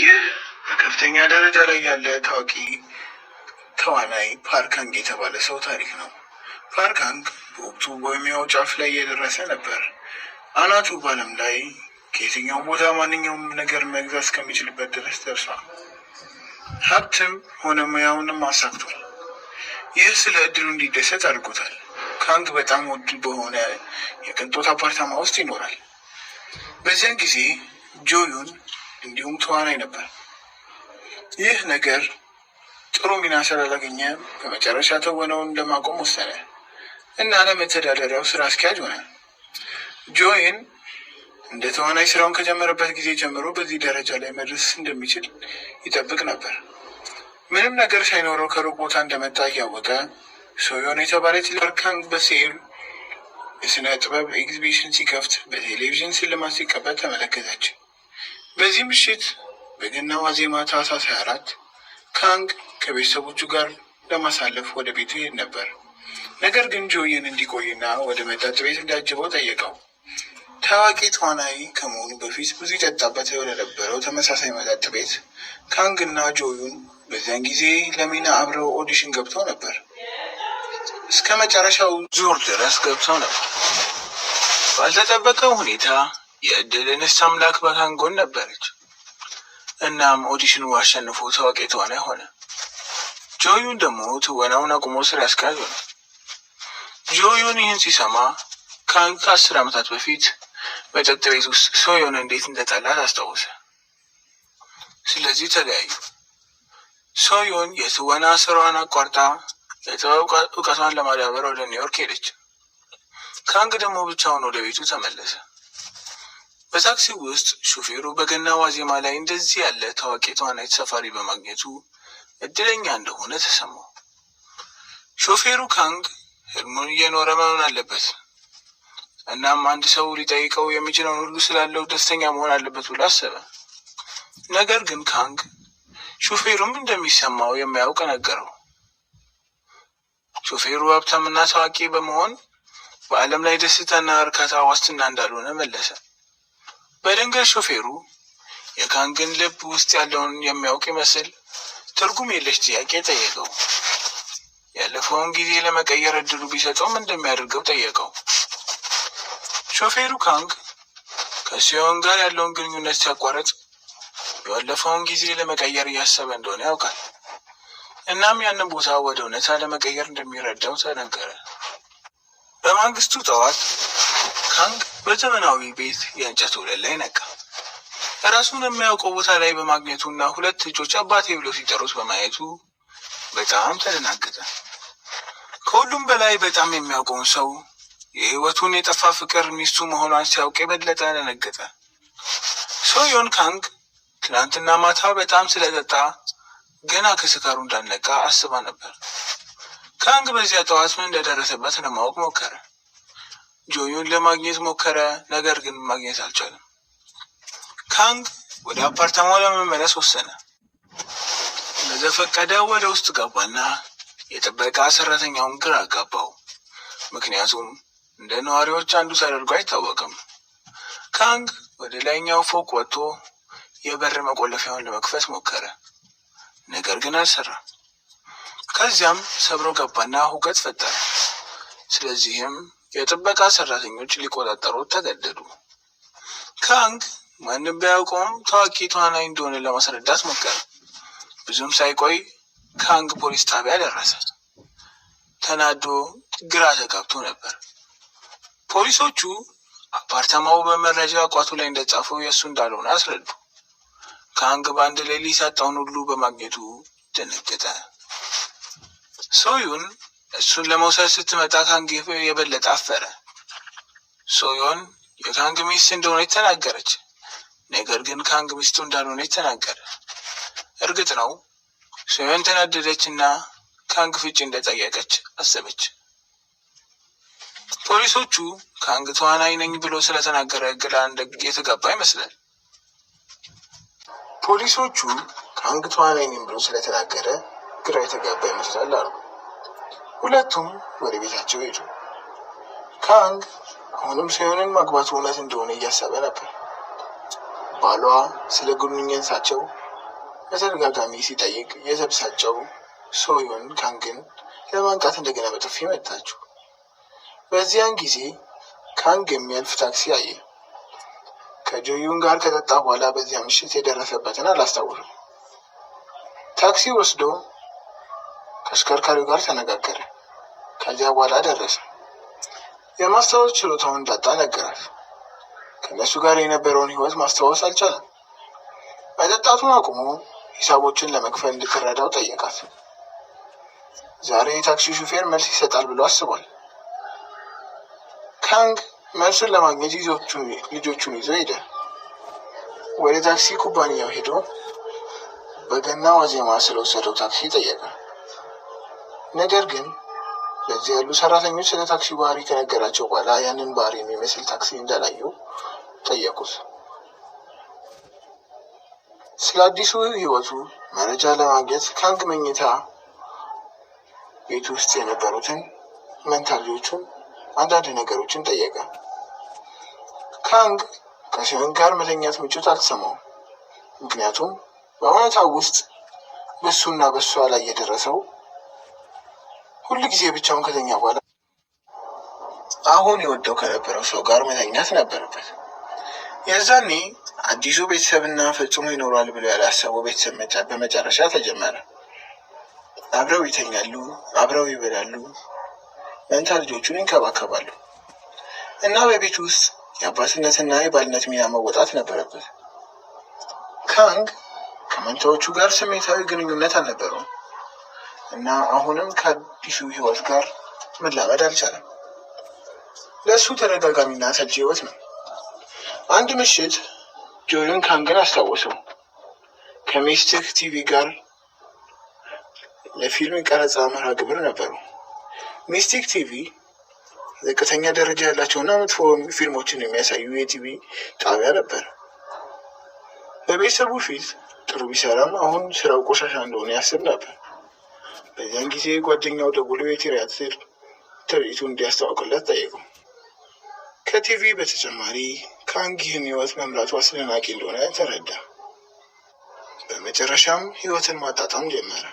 ይህ በከፍተኛ ደረጃ ላይ ያለ ታዋቂ ተዋናይ ፓርካንግ የተባለ ሰው ታሪክ ነው። ፓርካንግ በወቅቱ በሙያው ጫፍ ላይ የደረሰ ነበር። አናቱ በዓለም ላይ ከየትኛው ቦታ ማንኛውም ነገር መግዛት እስከሚችልበት ድረስ ደርሷል። ሀብትም ሆነ ሙያውንም አሳክቷል። ይህ ስለ እድሉ እንዲደሰት አድርጎታል። ካንግ በጣም ውድ በሆነ የቅንጦት አፓርታማ ውስጥ ይኖራል። በዚያን ጊዜ ጆዩን እንዲሁም ተዋናይ ነበር። ይህ ነገር ጥሩ ሚና ስላላገኘ በመጨረሻ ተወነውን ለማቆም ወሰነ እና ለመተዳደሪያው ስራ አስኪያጅ ሆነ። ጆይን እንደ ተዋናይ ስራውን ከጀመረበት ጊዜ ጀምሮ በዚህ ደረጃ ላይ መድረስ እንደሚችል ይጠብቅ ነበር። ምንም ነገር ሳይኖረው ከሩቅ ቦታ እንደመጣ እያወቀ ሶዮን የተባለ ትልርካን በሴል የስነ ጥበብ ኤግዚቢሽን ሲከፍት በቴሌቪዥን ሽልማት ሲቀበል ተመለከተች። በዚህ ምሽት በገና ዋዜማ ታህሳስ 24 ካንግ ከቤተሰቦቹ ጋር ለማሳለፍ ወደ ቤቱ ይሄድ ነበር። ነገር ግን ጆይን እንዲቆይና ወደ መጠጥ ቤት እንዳጅበው ጠየቀው። ታዋቂ ተዋናይ ከመሆኑ በፊት ብዙ ይጠጣበት ነበረው ተመሳሳይ መጠጥ ቤት ካንግና ጆዩን በዚያን ጊዜ ለሚና አብረው ኦዲሽን ገብተው ነበር። እስከ መጨረሻው ዙር ድረስ ገብተው ነበር። ባልተጠበቀው ሁኔታ የእድልንስ አምላክ በካን ጎን ነበረች። እናም ኦዲሽኑ አሸንፎ ታዋቂ ተዋናይ ሆነ። ጆዩን ደግሞ ትወናውን አቁሞ ስራ አስኪያጅ ነው። ጆዩን ይህን ሲሰማ ካን ከአስር ዓመታት በፊት መጠጥ ቤት ውስጥ ሰው የሆነ እንዴት እንደጠላት አስታወሰ። ስለዚህ ተለያዩ። ሰውየውን የትወና ስራዋን አቋርጣ የጥበብ እውቀቷን ለማዳበር ወደ ኒውዮርክ ሄደች። ከአንግ ደግሞ ብቻውን ወደ ቤቱ ተመለሰ። በታክሲ ውስጥ ሹፌሩ በገና ዋዜማ ላይ እንደዚህ ያለ ታዋቂ ተዋናይት ሰፋሪ በማግኘቱ እድለኛ እንደሆነ ተሰማው። ሾፌሩ ካንግ ህልሙን እየኖረ መሆን አለበት፣ እናም አንድ ሰው ሊጠይቀው የሚችለውን ሁሉ ስላለው ደስተኛ መሆን አለበት ብሎ አሰበ። ነገር ግን ካንግ ሾፌሩም እንደሚሰማው የማያውቅ ነገረው። ሾፌሩ ሀብታምና ታዋቂ በመሆን በዓለም ላይ ደስታና እርካታ ዋስትና እንዳልሆነ መለሰ። በድንገት ሾፌሩ የካንግን ልብ ውስጥ ያለውን የሚያውቅ ይመስል ትርጉም የለሽ ጥያቄ ጠየቀው። ያለፈውን ጊዜ ለመቀየር እድሉ ቢሰጠውም እንደሚያደርገው ጠየቀው። ሾፌሩ ካንግ ከሲዮን ጋር ያለውን ግንኙነት ሲያቋረጥ ያለፈውን ጊዜ ለመቀየር እያሰበ እንደሆነ ያውቃል። እናም ያንን ቦታ ወደ እውነታ ለመቀየር እንደሚረዳው ተነገረ። በማግስቱ ጠዋት ካንግ በዘመናዊ ቤት የእንጨት ወለል ላይ ነቃ። ራሱን የሚያውቀው ቦታ ላይ እና ሁለት ልጆች አባቴ ብለው ሲጠሩት በማየቱ በጣም ተደናገጠ። ከሁሉም በላይ በጣም የሚያውቀውን ሰው የህይወቱን የጠፋ ፍቅር ሚስቱ መሆኗን ሲያውቅ የበለጠ ደነገጠ። ሶዮን ካንግ ትናንትና ማታ በጣም ስለጠጣ ገና ከስካሩ እንዳነቃ አስባ ነበር። ካንግ በዚያ ጠዋት ምን እንደደረሰበት ለማወቅ ሞከረ። ጆዩን ለማግኘት ሞከረ፣ ነገር ግን ማግኘት አልቻለም። ካንግ ወደ አፓርታማው ለመመለስ ወሰነ። በዘፈቀደ ወደ ውስጥ ገባና የጥበቃ ሰራተኛውን ግራ አጋባው፣ ምክንያቱም እንደ ነዋሪዎች አንዱ ተደርጎ አይታወቅም። ካንግ ወደ ላይኛው ፎቅ ወጥቶ የበር መቆለፊያውን ለመክፈት ሞከረ፣ ነገር ግን አልሰራም። ከዚያም ሰብሮ ገባና ሁከት ፈጠረ። ስለዚህም የጥበቃ ሰራተኞች ሊቆጣጠሩት ተገደዱ። ካንግ ማንም ቢያውቀውም ታዋቂ ተዋናይ እንደሆነ ለማስረዳት ሞከረ። ብዙም ሳይቆይ ካንግ ፖሊስ ጣቢያ ደረሰ። ተናዶ ግራ ተጋብቶ ነበር። ፖሊሶቹ አፓርታማው በመረጃ ቋቱ ላይ እንደጻፈው የእሱ እንዳልሆነ አስረዱ። ካንግ በአንድ ሌሊት ያጣውን ሁሉ በማግኘቱ ደነገጠ። ሰውየውን እሱን ለመውሰድ ስትመጣ ካንግ የበለጠ አፈረ። ሶዮን የካንግ ሚስት እንደሆነች ተናገረች። ነገር ግን ካንግ ሚስቱ እንዳልሆነች ተናገረ። እርግጥ ነው ሶዮን ተናደደች እና ካንግ ፍጭ እንደጠየቀች አሰበች። ፖሊሶቹ ካንግ ተዋናይ ነኝ ብሎ ስለተናገረ ግራ የተጋባ ይመስላል። ፖሊሶቹ ካንግ ተዋናይ ነኝ ብሎ ስለተናገረ ግራ የተጋባ ይመስላል አሉ። ሁለቱም ወደ ቤታቸው ሄዱ። ካንግ አሁንም ሲሆንን ማግባት እውነት እንደሆነ እያሰበ ነበር። ባሏ ስለ ግንኙነታቸው በተደጋጋሚ ሲጠይቅ የተብሳጨው ሶዮን ካንግን ለማንቃት እንደገና በጥፊ መታችው። በዚያን ጊዜ ካንግ የሚያልፍ ታክሲ አየ። ከጆዩን ጋር ከጠጣ በኋላ በዚያ ምሽት የደረሰበትን አላስታውስም። ታክሲ ወስዶ ከአሽከርካሪው ጋር ተነጋገረ። ከዚያ በኋላ ደረሰ። የማስታወስ ችሎታውን እንዳጣ ነገራት። ከእነሱ ጋር የነበረውን ህይወት ማስታወስ አልቻለም። መጠጣቱን አቁሞ ሂሳቦችን ለመክፈል እንድትረዳው ጠየቃት። ዛሬ የታክሲ ሹፌር መልስ ይሰጣል ብሎ አስቧል። ካንግ መልሱን ለማግኘት ልጆቹን ይዞ ሄደ። ወደ ታክሲ ኩባንያው ሄዶ በገና ዋዜማ ስለወሰደው ታክሲ ጠየቀ። ነገር ግን ለዚህ ያሉ ሰራተኞች ስለ ታክሲ ባህሪ ከነገራቸው በኋላ ያንን ባህሪ የሚመስል ታክሲ እንዳላዩ ጠየቁት። ስለ አዲሱ ህይወቱ መረጃ ለማግኘት ከአንድ መኝታ ቤት ውስጥ የነበሩትን መንታ አንዳንድ ነገሮችን ጠየቀ። ካንግ ከሲሆን ጋር መተኛት ምቾት አልተሰማውም። ምክንያቱም በእውነታው ውስጥ በሱና በሷ ላይ የደረሰው ሁሉ ጊዜ ብቻውን ከተኛ በኋላ አሁን የወደው ከነበረው ሰው ጋር መተኛት ነበረበት። የዛኔ አዲሱ ቤተሰብና ፈጽሞ ይኖሯል ብሎ ያላሰበው ቤተሰብ በመጨረሻ ተጀመረ። አብረው ይተኛሉ፣ አብረው ይበላሉ፣ መንታ ልጆቹን ይንከባከባሉ እና በቤት ውስጥ የአባትነትና የባልነት ሚና መወጣት ነበረበት። ካንግ ከመንታዎቹ ጋር ስሜታዊ ግንኙነት አልነበረውም። እና አሁንም ከአዲሱ ህይወት ጋር መላመድ አልቻለም። ለእሱ ተደጋጋሚና ሰልች ህይወት ነው። አንድ ምሽት ጆይን ካንግን አስታወሰው። ከሜስቲክ ቲቪ ጋር ለፊልም ቀረጻ መርሃ ግብር ነበሩ። ሚስቲክ ቲቪ ዝቅተኛ ደረጃ ያላቸውና መጥፎ ፊልሞችን የሚያሳዩ የቲቪ ጣቢያ ነበር። በቤተሰቡ ፊት ጥሩ ቢሰራም አሁን ስራው ቆሻሻ እንደሆነ ያስብ ነበር። በዚያን ጊዜ ጓደኛው ደውሎ የቲሪያት ስር ትርኢቱ እንዲያስተዋውቅለት ጠየቁ። ከቲቪ በተጨማሪ ካንግ ይህን ህይወት መምራቱ አስደናቂ እንደሆነ ተረዳ። በመጨረሻም ህይወትን ማጣጣም ጀመረ።